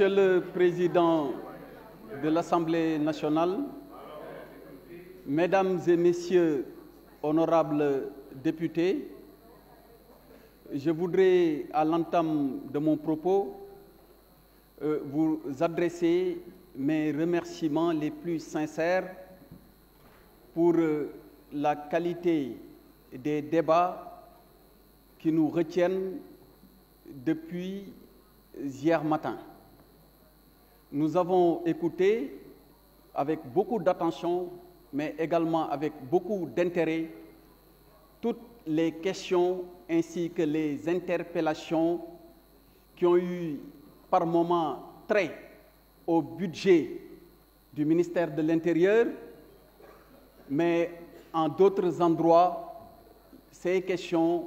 Monsieur le Président de l'Assemblée nationale, Mesdames et Messieurs, honorables députés, je voudrais, à l'entame de mon propos, euh, vous adresser mes remerciements les plus sincères pour euh, la qualité des débats qui nous retiennent depuis hier matin. Nous avons écouté avec beaucoup d'attention, mais également avec beaucoup d'intérêt, toutes les questions ainsi que les interpellations qui ont eu par moments trait au budget du ministère de l'Intérieur, mais en d'autres endroits, ces questions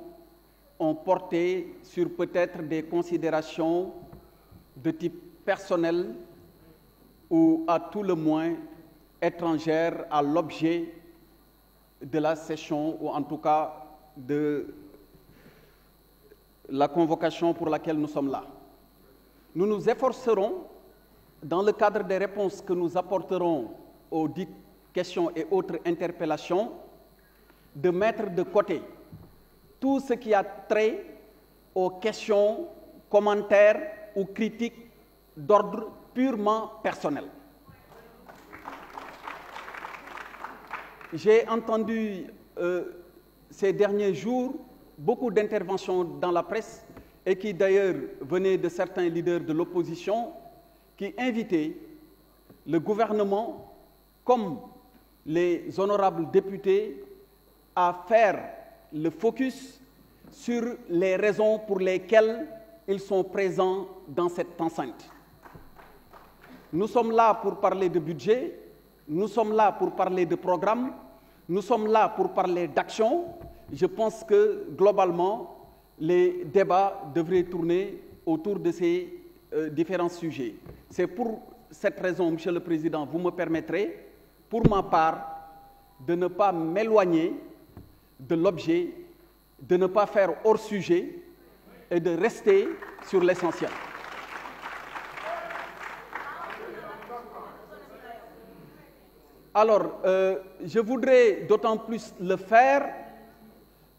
ont porté sur peut-être des considérations de type personnel, ou à tout le moins étrangère à l'objet de la session ou en tout cas de la convocation pour laquelle nous sommes là. Nous nous efforcerons, dans le cadre des réponses que nous apporterons aux dites questions et autres interpellations, de mettre de côté tout ce qui a trait aux questions, commentaires ou critiques d'ordre purement personnel. J'ai entendu euh, ces derniers jours beaucoup d'interventions dans la presse et qui d'ailleurs venaient de certains leaders de l'opposition qui invitaient le gouvernement comme les honorables députés à faire le focus sur les raisons pour lesquelles ils sont présents dans cette enceinte. Nous sommes là pour parler de budget, nous sommes là pour parler de programme, nous sommes là pour parler d'action. Je pense que globalement, les débats devraient tourner autour de ces euh, différents sujets. C'est pour cette raison, Monsieur le Président, vous me permettrez, pour ma part, de ne pas m'éloigner de l'objet, de ne pas faire hors sujet et de rester sur l'essentiel. Alors, euh, je voudrais d'autant plus le faire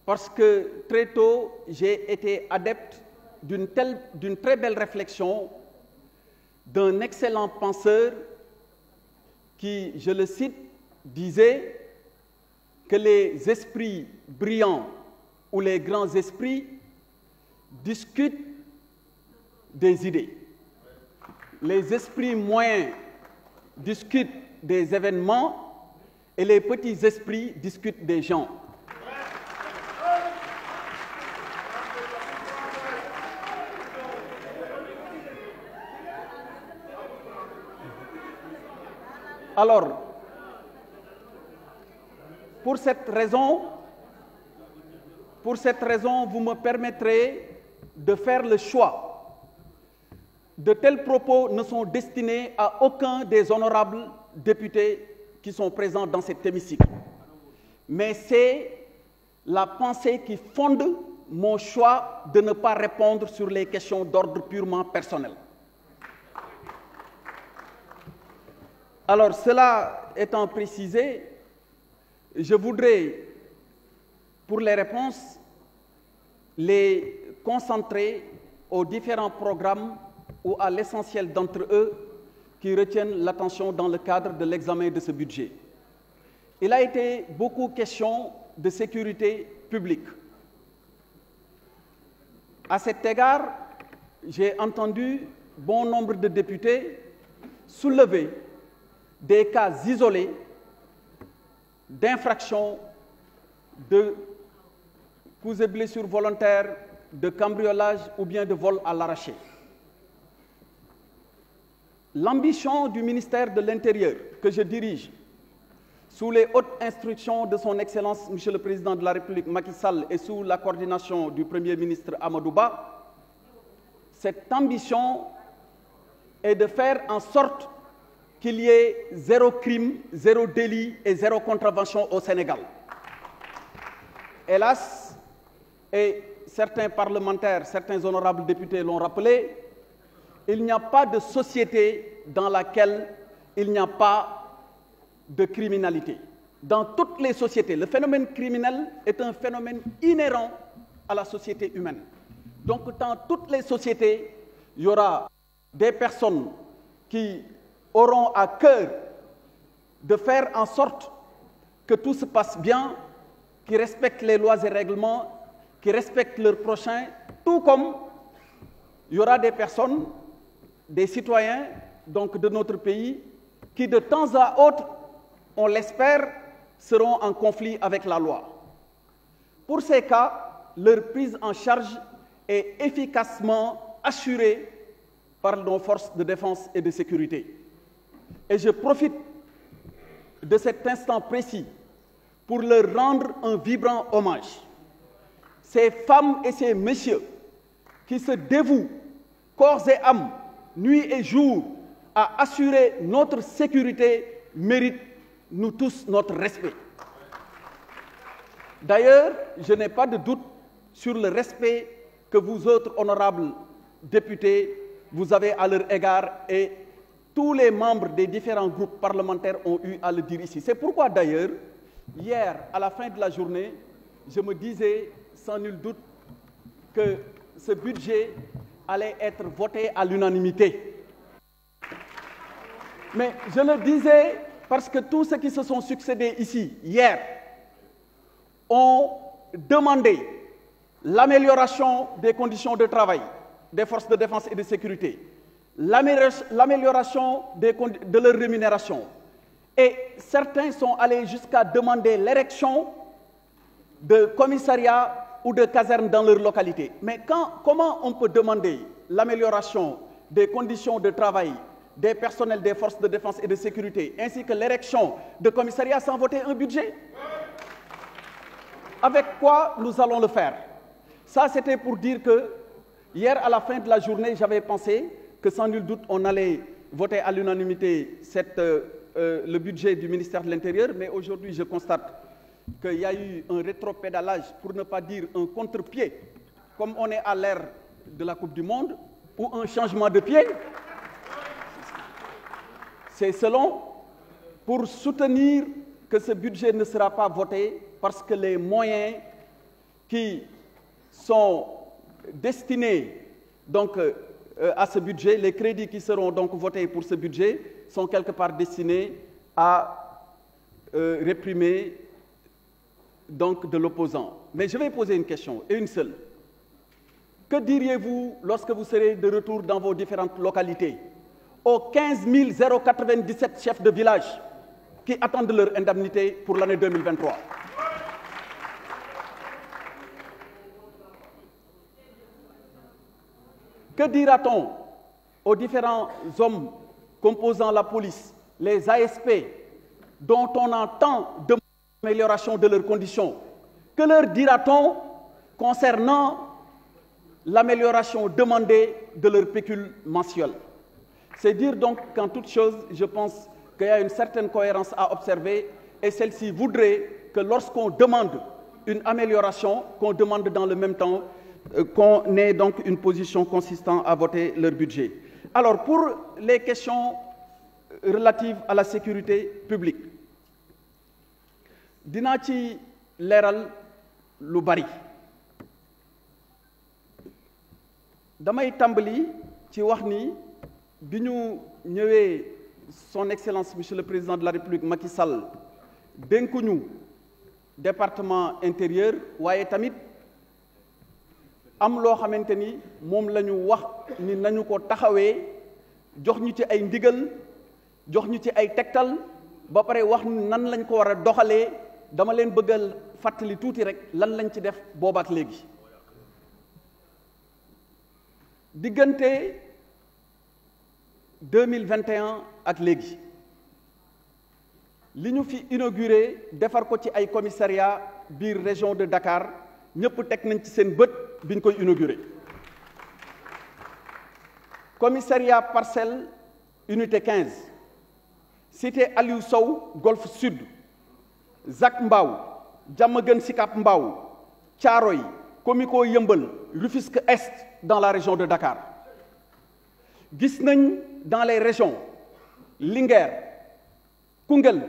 parce que très tôt, j'ai été adepte d'une très belle réflexion d'un excellent penseur qui, je le cite, disait que les esprits brillants ou les grands esprits discutent des idées. Les esprits moyens discutent des événements et les petits esprits discutent des gens. Alors, pour cette raison, pour cette raison, vous me permettrez de faire le choix. De tels propos ne sont destinés à aucun des honorables députés qui sont présents dans cet hémicycle, mais c'est la pensée qui fonde mon choix de ne pas répondre sur les questions d'ordre purement personnel. Alors, cela étant précisé, je voudrais, pour les réponses, les concentrer aux différents programmes ou à l'essentiel d'entre eux qui retiennent l'attention dans le cadre de l'examen de ce budget. Il a été beaucoup question de sécurité publique. À cet égard, j'ai entendu bon nombre de députés soulever des cas isolés d'infractions de coups et blessures volontaires, de cambriolage ou bien de vol à l'arraché. L'ambition du ministère de l'Intérieur que je dirige, sous les hautes instructions de son Excellence Monsieur le Président de la République Macky Sall et sous la coordination du Premier ministre Amadouba, cette ambition est de faire en sorte qu'il y ait zéro crime, zéro délit et zéro contravention au Sénégal. Hélas, et certains parlementaires, certains honorables députés l'ont rappelé, il n'y a pas de société dans laquelle il n'y a pas de criminalité. Dans toutes les sociétés, le phénomène criminel est un phénomène inhérent à la société humaine. Donc dans toutes les sociétés, il y aura des personnes qui auront à cœur de faire en sorte que tout se passe bien, qui respectent les lois et règlements, qui respectent leurs prochains, tout comme il y aura des personnes des citoyens donc, de notre pays qui, de temps à autre, on l'espère, seront en conflit avec la loi. Pour ces cas, leur prise en charge est efficacement assurée par nos forces de défense et de sécurité. Et je profite de cet instant précis pour leur rendre un vibrant hommage. Ces femmes et ces messieurs qui se dévouent corps et âme nuit et jour, à assurer notre sécurité mérite, nous tous, notre respect. D'ailleurs, je n'ai pas de doute sur le respect que vous autres honorables députés, vous avez à leur égard et tous les membres des différents groupes parlementaires ont eu à le dire ici. C'est pourquoi d'ailleurs, hier, à la fin de la journée, je me disais sans nul doute que ce budget allait être voté à l'unanimité. Mais je le disais parce que tous ceux qui se sont succédés ici, hier, ont demandé l'amélioration des conditions de travail des forces de défense et de sécurité, l'amélioration de leur rémunération. Et certains sont allés jusqu'à demander l'érection de commissariats ou de casernes dans leur localité. Mais comment on peut demander l'amélioration des conditions de travail des personnels des forces de défense et de sécurité, ainsi que l'érection de commissariats sans voter un budget Avec quoi nous allons le faire Ça, c'était pour dire que hier, à la fin de la journée, j'avais pensé que sans nul doute, on allait voter à l'unanimité euh, euh, le budget du ministère de l'Intérieur, mais aujourd'hui, je constate qu'il y a eu un rétropédalage, pour ne pas dire un contre-pied, comme on est à l'ère de la Coupe du Monde, ou un changement de pied. C'est selon pour soutenir que ce budget ne sera pas voté parce que les moyens qui sont destinés donc, euh, à ce budget, les crédits qui seront donc votés pour ce budget sont quelque part destinés à euh, réprimer donc de l'opposant. Mais je vais poser une question, et une seule. Que diriez-vous lorsque vous serez de retour dans vos différentes localités aux 15 097 chefs de village qui attendent leur indemnité pour l'année 2023 Que dira-t-on aux différents hommes composant la police, les ASP, dont on entend de amélioration de leurs conditions. Que leur dira-t-on concernant l'amélioration demandée de leur pécule mensuel C'est dire donc qu'en toute chose, je pense qu'il y a une certaine cohérence à observer et celle-ci voudrait que lorsqu'on demande une amélioration, qu'on demande dans le même temps euh, qu'on ait donc une position consistante à voter leur budget. Alors pour les questions relatives à la sécurité publique, dinaa ci leeral lu bari damay tàmbali ci wax ni bi ñu ñëwee son excellence monsieur le président de la république Macky Sall dénkuñu département intérieur waaye tamit am loo xamante ni moom lañu wax ni nañu ko taxawee jox ñu ci ay ndigal jox ñu ci ay tegtal ba pare wax nan lañ ko war a doxalee dama leen bëggal fàttali tuuti rek lan lañ ci def ak léegi diggante 2021 ak léegi li ñu fi inauguré defar ko ci ay commissariat biir région de Dakar ñëpp teg nañ ci seen bët biñ koy inauguré commissariat parcelle unité 15 cité Aliou Sow Golf Sud Zak Jamagan Diamaguène sikap Komiko Thiaroye komiko Rufisque Est dans la région de Dakar gis dans les régions Linger, Kungel,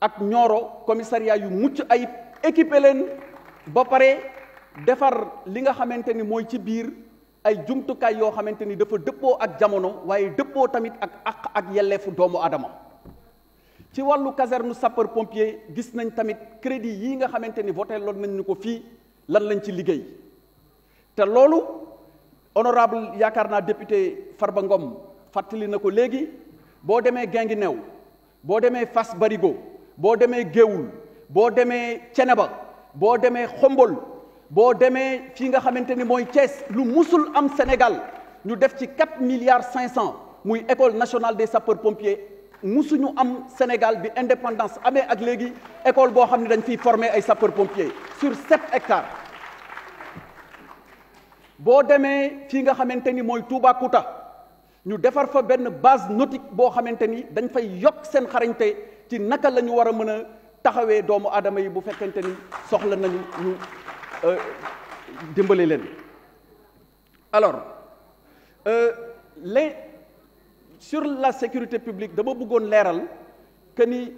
ak nyoro commissariat yu mucc ayib équipé ba pare defar li nga xamanteni moy ci bir ay jumtu kay yo ni dafa deppo ak jamono waye tamit ak ak ak yellefu doomu adama ci walu caserne sapeur pompier gis nañ tamit crédit yi nga ni voté loon nañ ñuko lan lañ ci liggéey honorable Yakarna député Farba Ngom ko Fass Barigo bo Géoul bo démé bo Xombol ni lu musul am Sénégal Nous def ci 4 milliards 500 l'École école nationale des sapeurs pompiers musuñu am Sénégal bi indépendance amee ak léegi école boo xam ne dañ fiy former ay sapeur pompier sur sept hectares boo demee fii nga xamante ni mooy Toubacouta ñu defar fa benn base nautique boo xamante ni dañ fay yokk seen xarañte ci naka la ñu war a mën a taxawee doomu aadama yi bu fekkante ni soxla nañu ñu euh, dimbale leen alors euh, les sur la sécurité publique dama bëggoon leeral que ni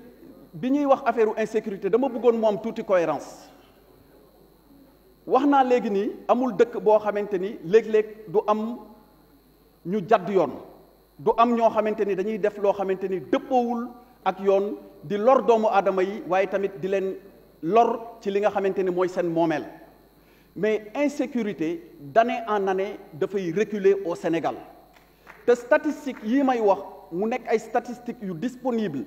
bi ñuy wax affaire insécurité dama bëggoon am tuuti cohérence wax naa léegi amul dëkk boo xamante ni léeg-léeg du am ñu jadd yoon du am ñoo xamante ni dañuy def loo xamante ni ak yoon di lor doomu aadama yi waaye tamit di leen lor ci li nga xamante ni mooy seen moomeel mais insécurité d'année en année dafay reculer au Sénégal les statistiques wax mu statistiques disponibles.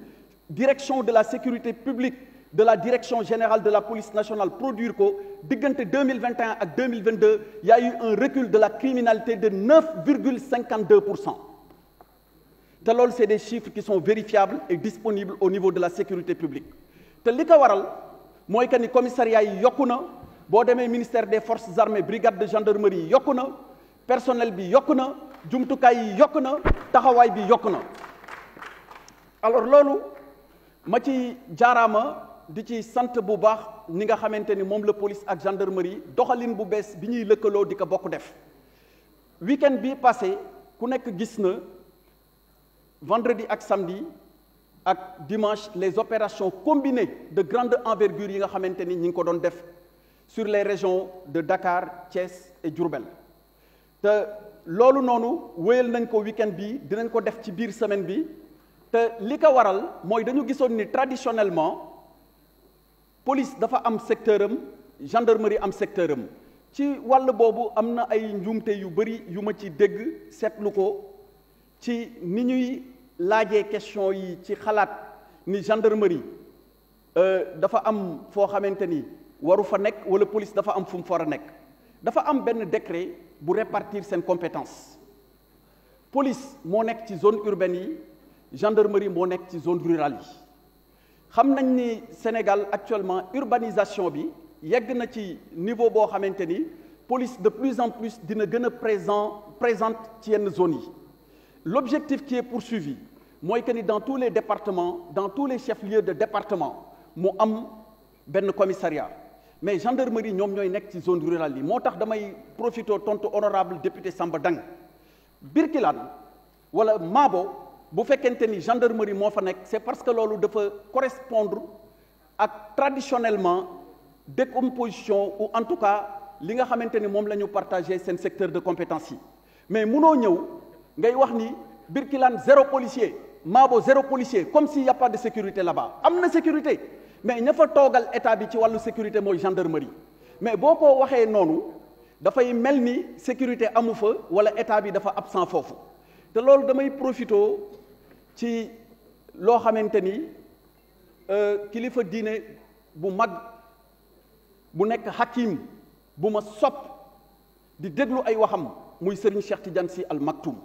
direction de la sécurité publique de la direction générale de la police nationale produire que de 2021 à 2022 il y a eu un recul de la criminalité de 9,52 Ce sont c'est des chiffres qui sont vérifiables et disponibles au niveau de la sécurité publique te li ko waral commissariat yi bordé ministère des forces armées brigade de gendarmerie yokuna, personnel bi yokuna jumtukaay yi yokk na bi yokk na alors loolu ma ci jaaraama di ci sante bu baax ni nga xamanteni ni le police ak gendarmerie doxalin bu bes bi ñuy lekkelo di ko bokk def week-end bi passé ku nek gis na vendredi ak samedi ak dimanche les opérations combinées de grande envergure yi nga xamanteni ñi ngi ko doon def sur les régions de Dakar Thiès et Diourbel te loolu noonu wéyal nañ ko weekend bi dinañ ko def ci biir semaine bi te li ko waral mooy dañu gisoon ni traditionnellement police dafa am secteur am gendarmerie am secteur am ci wàll boobu am na ay njuumte yu bëri yu ma ci dégg seetlu ko ci ni ñuy laajee question yi ci xalaat ni gendarmerie euh, dafa am foo xamante ni waru fa nekk walla police dafa am fu mu far a nekk dafa am benn décret pour répartir compétences. La police est dans zone urbaine la gendarmerie est dans zone rurale Nous savons que ni Sénégal actuellement urbanisation bi yegg na ci niveau boo xamante police de plus en plus présente dans yenn zones l'objectif qui est poursuivi c'est que dans tous les départements dans tous les chefs-lieux de département nous am un commissariat mais gendarmerie ñom ñoy nekk ci zone rurale yi motax damay profité honorable député Samba Dang Birkilane wala Mabo, bu fekkente ni gendarmerie mo fa nekk c'est parce que lolu dafa correspondre ak traditionnellement décomposition ou en tout cas li nga xamanteni mom lañu partager sen secteur de compétence yi mais mëno ñew ngay wax ni Birkilane zéro policier Mabo, zéro policier comme s'il n'y a pas de sécurité là-bas amna sécurité mais ña fa toogal état bi ci wàllu sécurité mooy gendarmerie mais boo ko waxee noonu dafay mel ni sécurité amu fa wala état bi dafa absent foofu te loolu damay profitoo ci loo xamante ni euh, kilifa diine bu mag bu nekk hakim bu ma sopp di déglu ay waxam muy Serigne Cheikh Tidiane Sy Al Maktoum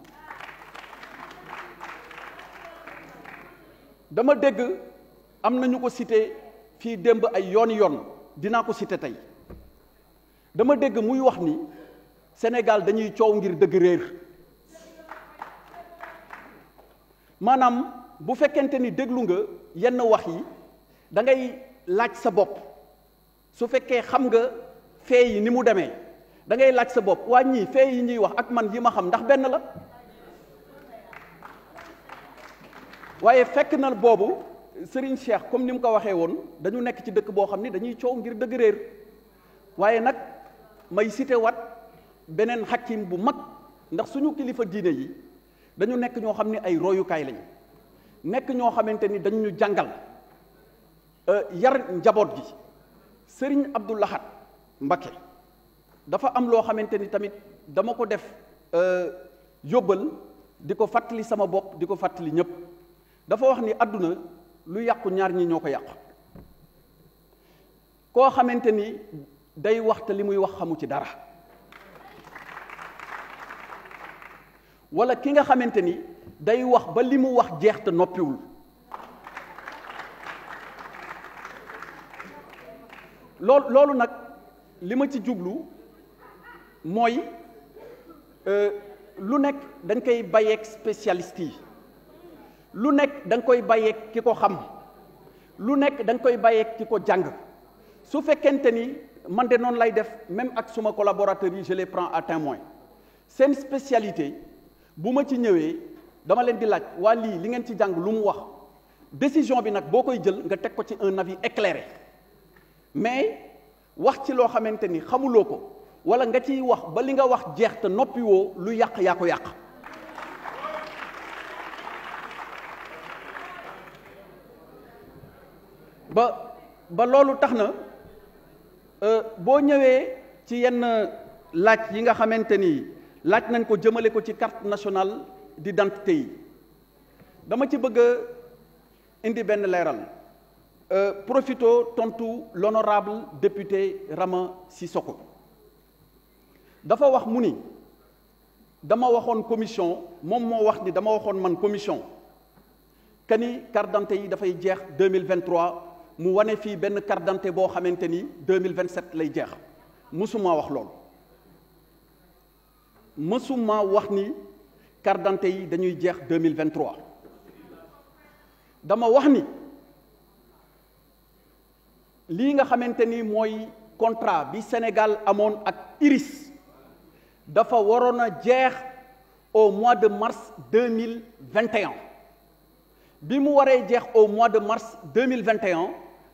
dama dégg am na ñu ko cité. fii démb ay yoon yoon dinaa ko cité tey dama dégg muy wax ni Sénégal dañuy coow ngir dëgg réer maanaam bu fekkente ni déglu nga yenn wax yi da ngay laaj sa bopp su fekkee xam nga fee yi ni mu demee dangay laaj sa bopp wàññi ñii fee yi ñuy wax ak man yi ma xam ndax benn la waaye fekk na boobu Serigne Cheikh comme ni mu ko waxee woon dañu nekk ci dëkk boo xam ni dañuy coow ngir dëgg réer waaye nag may cité wat beneen xakim bu mag ndax suñu kilifa diine yi dañu nekk ñoo xam ni ay royukaay lañu nekk ñoo xamante ni dañu ñu jàngal e, yar njaboot gi Serigne Abdou Lahad Mbacké dafa am loo xamante ni tamit dama ko def e, yóbbal di ko fàttali sama bopp di ko fàttali ñépp dafa wax ni àdduna lu yàqu ñaar ñi ñoo ko yàqu koo xamante ni day waxta li muy wax xamu ci dara wala ki nga xamante ni day wax ba li mu wax jeex te noppiwul loolu nag li ma ci jublu mooy euh, lu nekk dañ koy bayeeg spécialiste yi lu nekk da nga koy bàyyeeg ki ko xam lu nekk da koy bàyyeeg ki ko jàng su fekkente ni man de noonu lay def même ak suma collaborateurs yi je les prends à témoin seen spécialité bu ma ci ñëwee dama leen di laaj waa lii li ngeen ci jàng lu mu wax décision bi nag boo koy jël nga teg ko ci un avis éclairé mais wax ci loo xamante ni xamuloo ko wala nga ciy wax ba li nga wax jeex te noppi lu yàq yaa ko yàq ba ba lolou taxna euh bo ñëwee ci yenn laaj yi nga xamanteni ni laaj nañ ko jëmele ko ci carte nationale d'identité yi dama ci bëgg indi ben léral euh profito tontu l'honorable député Rama Sissoko dafa wax muni dama waxone commission mom mo wax ni dama waxone man commission kani carte d'identité yi fay jeex 2023 mu wane fii benn carte d'identité boo xamante ni 2027 lay jeex mësuma wax loolu mësuma wax ni carte yi dañuy jeex 2023 dama wax ni lii nga xamante ni mooy contrat bi Sénégal amoon ak Iris dafa waroon a jeex au mois de mars 2021 bi mu waree jeex au mois de mars 2021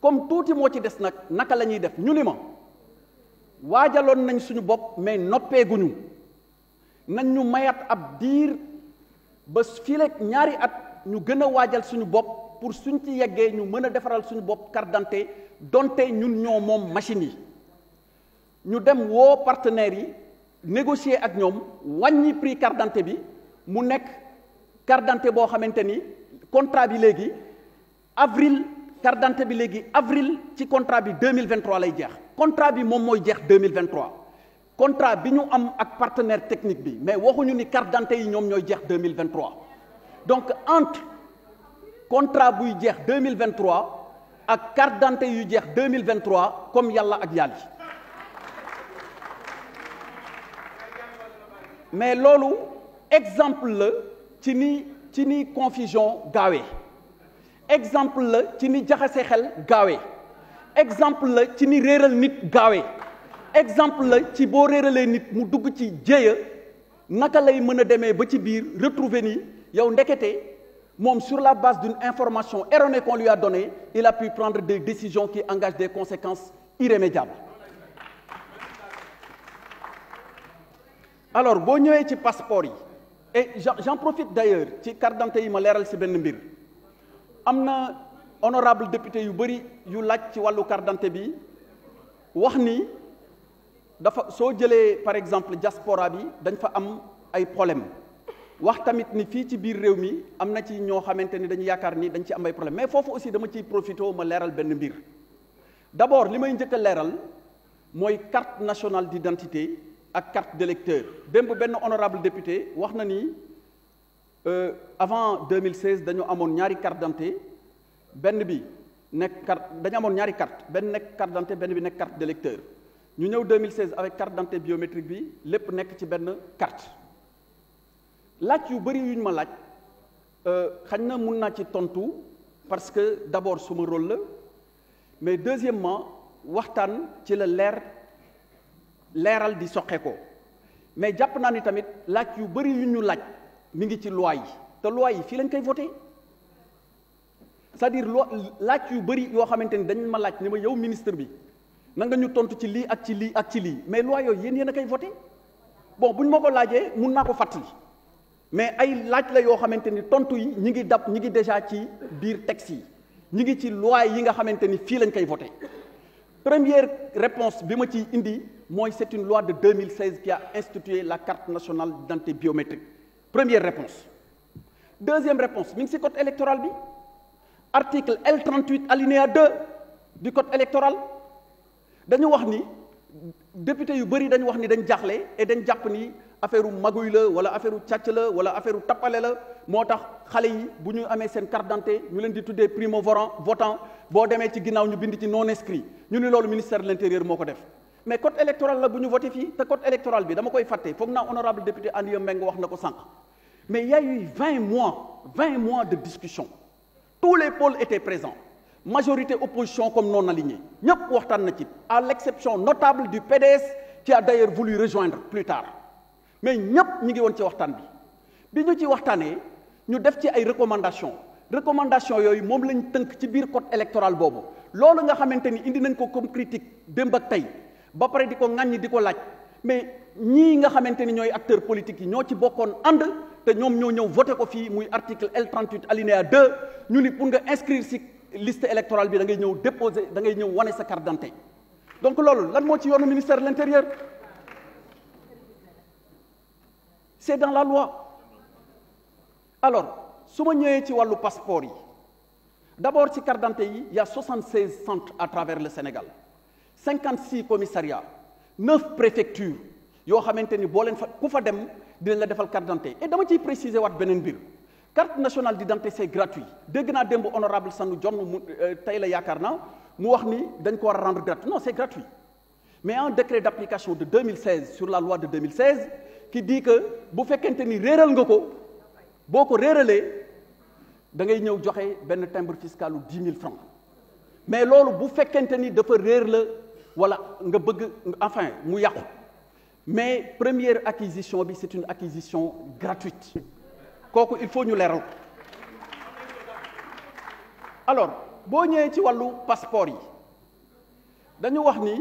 comme tout mo ci dess nak naka lañuy def ñu mais nous nañ ñu mayat ab dir ba nous ñaari at ñu nous a suñu pour suñ ci yeggé ñu mëna défaral suñu donte ñun ñoo mom machine dem wo partenaires yi négocier ak ñom wañi prix carte bi mu nek carte bo contrat bi avril Cardante bi légui avril ci contrat bi 2023 lay jeex contrat bi mom moy jeex 2023 contrat bi ñu am ak partenaire technique bi mais ñu ni carte yi ñom ñoy jeex 2023 donc entre contrat bu jeex 2023 ak cardante yu jeex 2023 comme Yalla ak Yali. mais lolu exemple le ci ni ci ni confusion Gawé exemple la ci ni jaxase xel gaawee exemple la ci ni réeral nit gaawee exemple la ci boo réeralee nit mu dugg ci jéeya naka lay mën a ba ci bir retrouver ni yow ndekete mom sur la base d'une information erronée qu'on lui a donnée il a pu prendre des décisions qui engagent des conséquences irrémédiables alors bo ñëwee ci passeport yi et j'en profite d'ailleurs ci carte d'identité yi ma léral ci benn mbir amna honorable député yu bari yu laaj ci walu carte dafa par exemple diaspora bi dañ fa am ay problème wax tamit ni ci am problème mais fofu aussi dama ciy profiter ma léral ben d'abord limay may léral carte nationale d'identité ak carte d'électeur Un honorable député wax euh, avant 2016 dañu amone ñaari carte d'identité benn bi nek carte dañu amone ñaari carte benn nek carte d'identité benn bi nek carte d'électeur ñu ñëw 2016 avec carte d'identité biométrique bi lepp nek ci benn carte laaj yu bari yu ñu ma laaj euh, xagn na mun ci tontu parce que d'abord suma rôle la mais deuxièmement waxtaan ci la leer leeral di soqe ko mais japp naa ni tamit laaj yu bari yu ñu laaj mi ngi ci loi yi te loi yi fii lañ koy voter c'est-à-dire loo laaj yu bëri yoo xamante ni dañ ma laaj ni ma yow ministre bi na nga ñu tontu ci lii ak ci lii ak ci lii mais loi yooyu yéen yéen a koy voté bon buñ ñu ma ko laajee mun naa ko fàttali mais ay laaj la yoo xamante ni tontu yi ñi ngi dab ñi ngi déjà ci biir texte yi ñi ngi ci loi yi nga xamante ni fii lañ koy voter première réponse bi ma ciy indi mooy c'est une loi de 2016 qui a institué la carte nationale d'identité biométrique première réponse deuxième réponse mi ngi code électoral article L38 alinéa 2 du code électoral dañu wax ni député yu bëri dañu wax ni dañ jaaxle et dañ jàpp ni affaire maguy la wala affaire càcc la wala affaire tappale la moo tax xale yi bu ñu amee seen carte d'identité ñu leen di tuddee primo votant boo demee ci ginnaaw ñu bind ci non inscrit ñu ni le ministère de l'intérieur mais code électoral la buñu voté fi té code électoral bi dama koy faut que naa honorable député Aliou Meng wax nako mais il y a eu 20 mois vingt mois de discussion tous les pôles étaient présents majorité opposition comme non alignés ñëpp waxtan na ci à l'exception notable du PDS qui a d'ailleurs voulu rejoindre plus tard mais ñëpp ñi ngi won ci waxtan bi biñu ci waxtané ñu def ci ay recommandations recommandations yooyu mom lañ teunk ci biir code électoral bobu loolu nga xamante indi nañ ko comme critique de ak ba paré diko ko diko di laaj mais ñi nga xamanteni ñoy acteur politique ñoo ci bokkoon ànd te ñom ñoo ñew voter ko fi muy article L38 alinéa 2 ñu ni pour nga inscrire ci liste électorale bi da ngay ñew déposer da ngay ñew wane sa carte d'identité donc loolu lan mo ci yoonu ministère de l'intérieur c'est dans la loi alors suma ma ci walu passeport yi d'abord ci carte d'identité yi il y a 76 centres à travers le Sénégal 56 commissariats 9 préfectures Yo xamanteni fait len ku fa dem dinañ la defal carte d'identité et dama ciy préciser wat benen bir carte nationale d'identité c'est gratuit dégg naa démb honorable Sanu John mu euh, tey la yakarna mu wax ni dañ ko rendre gratuit non c'est gratuit mais un décret d'application de 2016 sur la loi de 2016 qui dit que bu fekkente ni réeral nga ko boko ko da ngay ñew joxe benn timbre fiscal ou 10 000 francs mais lolu bu fekkente ni dafa réer la voilà, enfin mu mais première acquisition c'est une acquisition gratuite Donc, il faut nous la rendre. alors il y ci un passeport yi dañu wax ni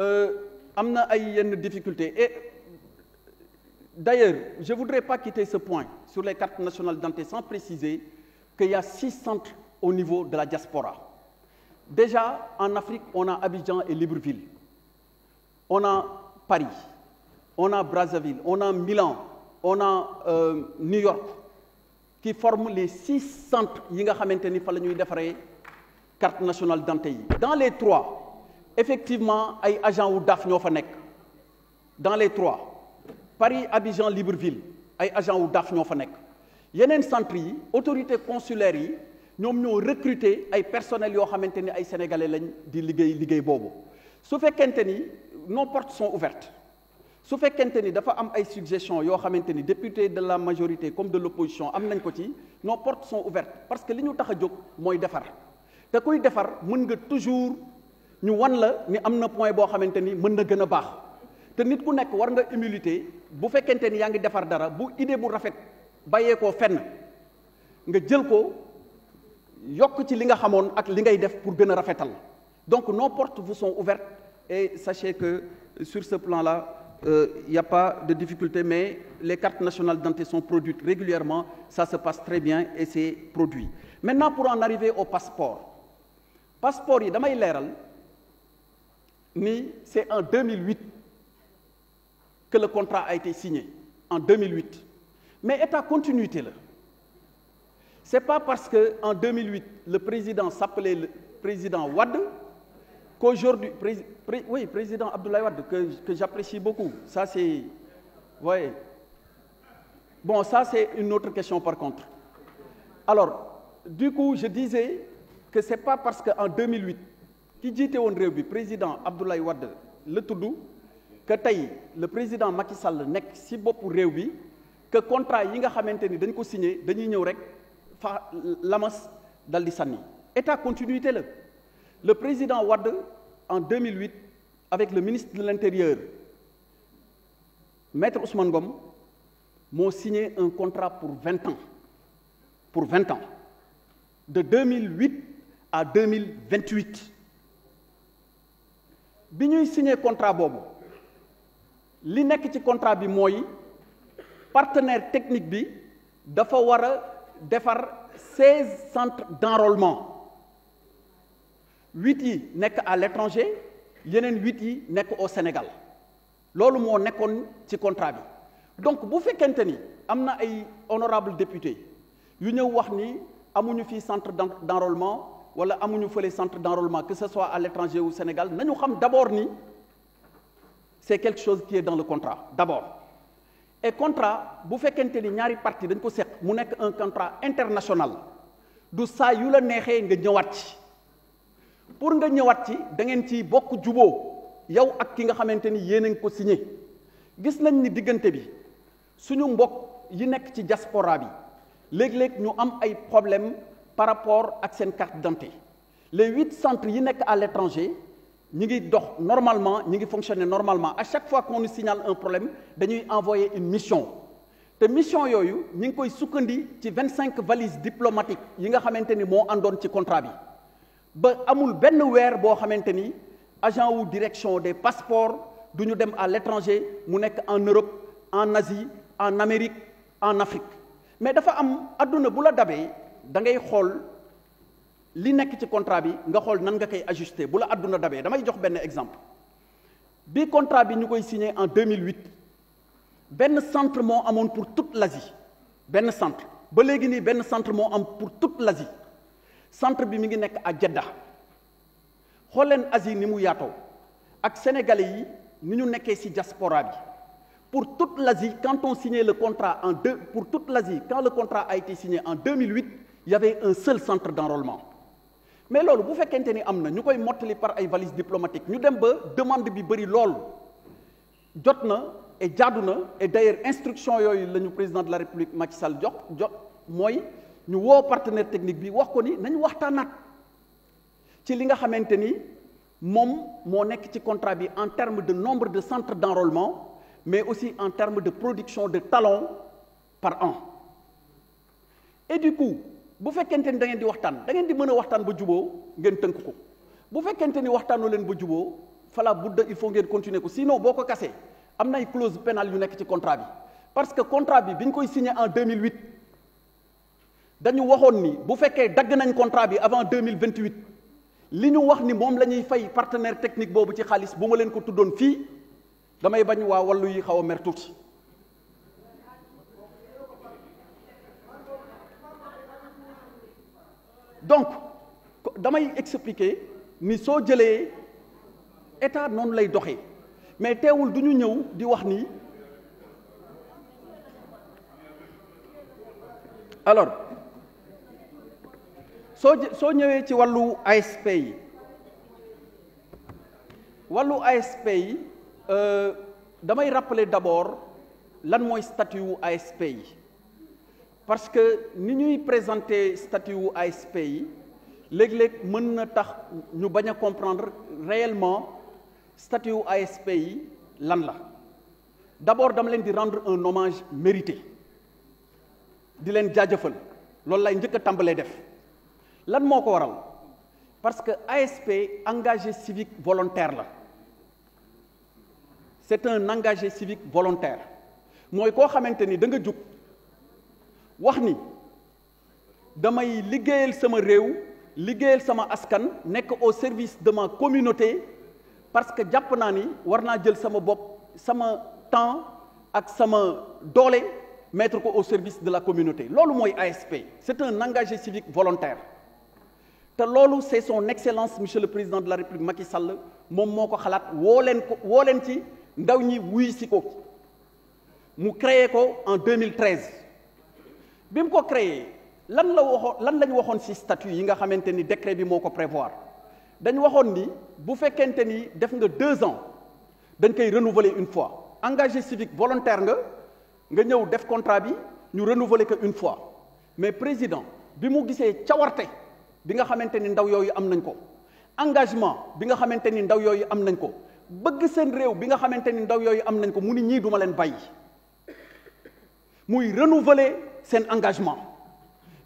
euh, difficultés et d'ailleurs je ne voudrais pas quitter ce point sur les cartes nationales d'identité sans préciser qu'il y a six centres au niveau de la diaspora Déjà, en Afrique, on a Abidjan et Libreville. On a Paris. On a Brazzaville. On a Milan. On a euh, New York. Qui forment les six centres qui carte nationale Dans les trois, effectivement, il y a agents ou DAF Dans les trois, Paris, Abidjan, Libreville, il y a agents ou DAF Il y a une centre, autorité consulaire, ñoom ñoo recruter ay personnels yoo xamante ni ay sénégalais lañ di liggéey liggéey boobu su fekkente ni nos portes sont ouvertes su fekkente ni dafa am ay suggestions yoo xamante ni député de la majorité comme de l'opposition am nañ ko ci nos portes sont ouvertes parce que li ñu tax a jóg mooy defar te kuy defar mën nga toujours ñu wan la ni am na point boo xamante ni mën na gën a baax te nit ku nekk war nga humilité bu fekkente ni yaa ngi defar dara bu idée bu rafet bàyyee koo fenn nga jël ko pour donc nos portes vous sont ouvertes et sachez que sur ce plan-là il euh, n'y a pas de difficulté mais les cartes nationales d'identité sont produites régulièrement ça se passe très bien et c'est produit maintenant pour en arriver au passeport passeport c'est en 2008 que le contrat a été signé en 2008 mais est-ce état continuité là. Ce n'est pas parce qu'en 2008, le président s'appelait le président Wad, qu'aujourd'hui, oui, président Abdoulaye Wad, que, j'apprécie beaucoup. Ça, c'est. voyez. Bon, ça, c'est une autre question par contre. Alors, du coup, je disais que ce n'est pas parce qu'en 2008, qui dit le président Abdoulaye Wad, le Toudou, que le président Macky Sall nekk si beau pour bi que contrat yi nga a signé Lamas d'Aldissani. Et à état continuité le président Wade en 2008 avec le ministre de l'intérieur maître Ousmane Gom, m'ont signé un contrat pour 20 ans pour 20 ans de 2008 à 2028 nous avons signé contrat ce li est ci contrat bi partenaire technique bi dafa defar 16 centres d'enrôlement 8 sont à l'étranger et 8 yi au Sénégal ce moo nekkoon ci contrat donc si vous ni honorable député yu ñëw wax ni amuñu de centre d'enrôlement wala amuñu de centre d'enrôlement que ce soit à l'étranger ou au Sénégal nous savons d'abord que c'est quelque chose qui est dans le contrat d'abord et contrat bu vous ni ñaari parti un contrat international du ça yu la neexee pour nga ñëwaat da ngeen ci bokk juboo yow ak a ko signé gis ni diaspora bi am problème par rapport à carte d'identité les huit centres sont à l'étranger nous ngi normalement nous fonctionner normalement à chaque fois qu'on nous signale un problème ben, nous envoyer une mission Cette mission yoyu, de ngi 25 valises diplomatiques yi nga xamante ni moo contrat bi ba amul benn weer boo agent ou direction des passeports nous à l'étranger mu en Europe en Asie en Amérique en Afrique mais nous am adduna bu la li nekk ci contrat bi nga xool nan nga koy ajusté bu la àdduna dabee damay jox benn exemple bi contrat bi ñu koy signé en 2008 benn centre moo amoon pour toute l'Asie benn centre ba léegi nii benn centre moo am pour toute l'Asie centre bi mi ngi nekk à Jeddah xool leen Asie ni mu yaatoo ak sénégalais yi ni ñu nekkee ci diaspora bi pour toute l'Asie quand on signait le contrat en deux pour toute l'Asie quand le contrat a été signé en 2008 il y avait un seul centre d'enrôlement mais lolu bu fekkente ni am na ñu par ay valise diplomatique ñu dem ba demande bi bari lool jotna et jaduna et d'ailleurs instruction yoy la président de la république Macky Sall jox jox moy ñu wo partenaire technique bi wax ko ni nañ waxtanat ci li nga xamante ni moom est nekk ci contrat bi en termes de nombre de centres d'enrôlement mais aussi en termes de production de talents par an et du coup bu fekkente ni da ngeen di waxtaan da ngeen di mën a waxtaan ba juboo ngeen tënk ko bu fekkente ni waxtaanoo leen ba juboo fala budda il faut ngeen continuer ko sinon boo ko kasee am nay clause pénale yu nekk ci contrat bi parce que contrat bi biñ koy signé en 2008 dañu waxoon ni bu fekkee dagg nañ contrat bi avant 2028 li ñu wax ni moom la ñuy fay partenaire technique boobu ci xaalis bu ma leen ko tuddoon fii damay bañ waa wallu yi xaw a mer tuuti donc damay expliquer ni soo jëlee état non lay doxé mais téwul du ñëw di wax alors so so ñëwé ci walu ASP yi ASP euh, rappeler d'abord lan statue statut parce que ni ñuy présenter statut wu ASP yi léeg tax ñu baña comprendre réellement statut wu ASP yi lan la d'abord nous leen di rendre un hommage mérité di leen jaajëfal lool lay njëkk a def lan moko waral parce que ASP engagé civique volontaire la c'est un engagé civique volontaire Nous ko xamanteni da nga wax ni damay liggéeyal sama réew liggéeyal sama askan nekk au service de ma communauté parce que jàpp naa ni war naa jël sama bopp sama temps ak sama doole mettre ko au service de la communauté loolu mooy ASP c'est un engagé civique volontaire te loolu c'est son excellence monsieur le président de la république Macky Sall moom moo ko xalaat woo leen ko woo leen ci ndaw ñi wuy si ko mu créé ko en 2013 bim ko créé lan la waxo lan lañ waxone ci statut yi nga xamanteni décret bi moko prévoir dañ waxone ni bu fekkente ni def nga deux ans dañ kay renouveler une fois engagé civique volontaire nga nga ñëw def contrat bi ñu renouveler que une fois mais président bi mu gisee cawarte bi nga xamanteni ndaw yoyu am nañ ko engagement bi nga xamanteni ndaw yoyu am nañ ko bëgg seen réew bi nga xamanteni ndaw yoyu am nañ ko mu ni ñi duma len muy renouveler sen engagement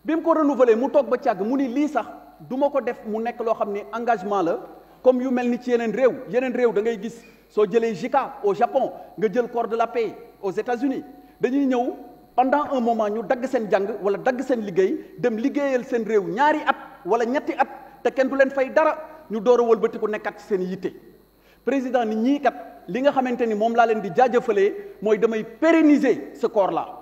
bim ko renouveler mu tok ba tiag mu ni lii sax du ko def mu nek lo xam engagement la comme yu melni ci yenen rew yenen rew da ngay gis so jëlee JICA au Japon nga jël corps de la paix aux États-Unis dañuy ñëw pendant un moment ñu dag sen jang wala dag sen liggéey dem liggéeyal sen rew ñaari at wala ñetti at te ken du len fay dara ñu door a wëlbatiku nekkat ci sen yitte président ni ñi kat li nga xamanteni mom la len di jaajëfalee moy damay pérenniser ce corps là.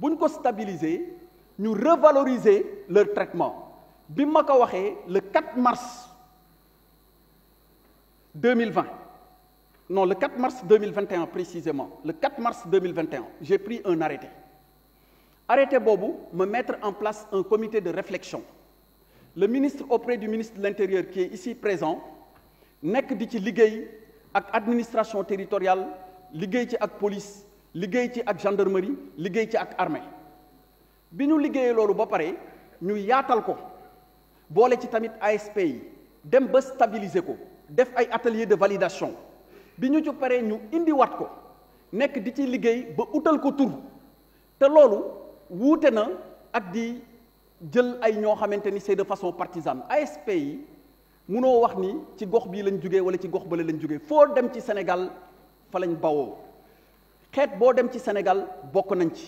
pour stabiliser nous revaloriser leur traitement bi ma le 4 mars 2020 non le 4 mars 2021 précisément le 4 mars 2021 j'ai pris un arrêté arrêté Bobo, me mettre en place un comité de réflexion le ministre auprès du ministre de l'intérieur qui est ici présent nek di ci ak administration territoriale liguey ci ak police liggéey ci ak gendarmerie liggéey ci ak armée bi ñu liggéeyee loolu ba pare ñu yaatal ko boole ci tamit ASP yi dem ba stabiliser ko def ay atelier de validation bi ñu ci paree ñu indiwaat ko nekk di ci liggéey ba utal ko tur te loolu wuute na ak di jël ay ñoo xamante ni c'est de façon partisane ASP yi munoo wax ni ci gox bi lañ jógee wala ci gox bale lañ jógee foo dem ci senegal fa lañ bawoo xeet qui dem ci Sénégal bokk nañ ci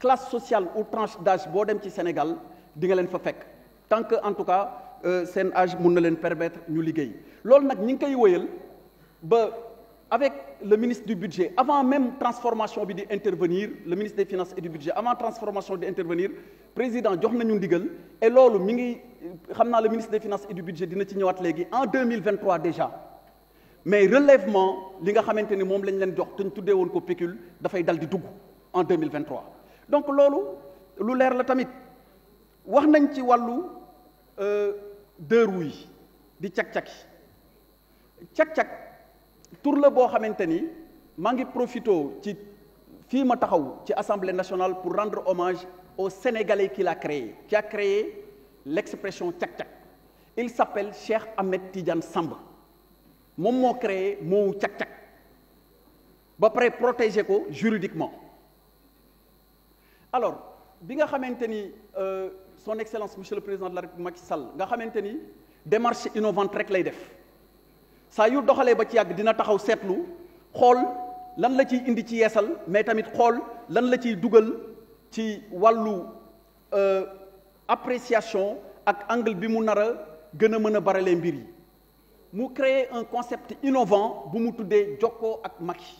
classe sociale ou tranche d'âge qui ci Sénégal di nga leen fa fekk tant que en tout cas un euh, âge qui na leen permettre ñu liggéey lool nak ñing avec le ministre du budget avant même transformation bi intervenir le ministre des finances et du budget avant transformation di intervenir président jox nañu ndigal et loolu mi ngi le ministre des finances et du budget dina ci ñëwaat en 2023 déjà mais relèvement li nga xamante ni moom leen pécule en 2023 donc lolo, lu leer la tamit wax nañ ci wàllu euh, deux roues de Tchak Tchak. Tchak Tchak, tout le monde a fait, j'ai de profito ci ma nationale pour rendre hommage au sénégalais qui l'a créé qui a créé l'expression Tchak Tchak. il s'appelle Cheikh Ahmed Tidiane Samba moom moo créé moowu cag-cag ba pare protéger ko juridiquement alors bi nga xamanteni euh, son excellence monsieur le président de la république Macky Sall nga xamanteni démarche innovante rek lay def saa yu doxale ba ci yag dina taxaw setlu xol lan la ci indi ci yessal mais tamit xol lan la ci dugal ci walu euh, appréciation ak angle bi mu nara gëna mëna baralé mbir yi mu créer un concept innovant bu mu tuddé jokkoo ak Macky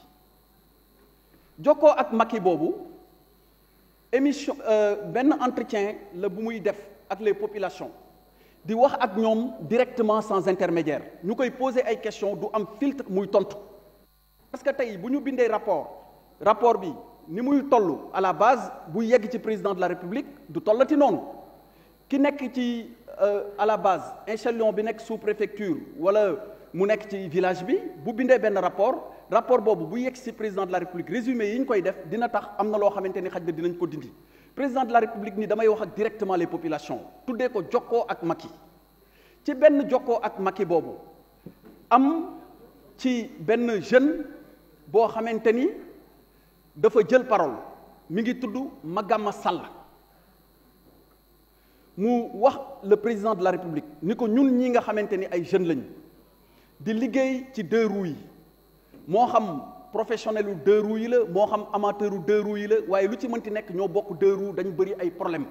djoko ak Macky bobu émission ben entretien le bu muy def ak les populations di wax ak ñom directement sans intermédiaire ñu poser ay questions du am filtre muy tontu parce que tay buñu bindé rapport rapport bi ni muy tollu à la base bu yegg ci président de la république du tollati non ki nekk ci. Euh, à la base échelon bi nekk sous préfecture wala mu nekk ci village bi bu bindee benn rapport rapport boobu bu yegg si président de la république résumé yi ñu koy def dina tax am na loo xamante dinañ ko dindi président de la république ni damay wax ak directement les populations tuddee ko jokkoo ak maki. ci ben jokkoo ak maki Bobo. am ci ben jeune bo xamante ni dafa jël parole mi ngi tudd Magama Sall mu wax le président de la république ni ko ñun ñi nga xamante ni ay jeunes lañu di liggéey ci deux roues yi moo xam professionnel ou deux roues yi la moo xam amateur ou deux roues yi la waaye lu ci mënti nekk bokk deux roues dañu bëri ay problème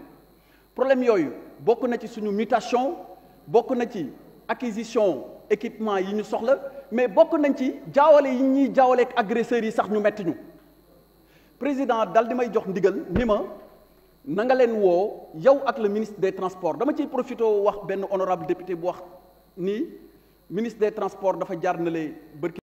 problème yoyu. bokk na ci suñu mutation bokk na ci acquisition équipement yi ñu soxla mais bokk nañ ci jaawale yi ñi jaawale ak agresseurs yi sax ñu metti ñu président dal di may jox ndigal nima je nga leen yow ak le ministre des transports dama ci profité wax ben honorable député bu wax ni ministre des transports dafa jaar na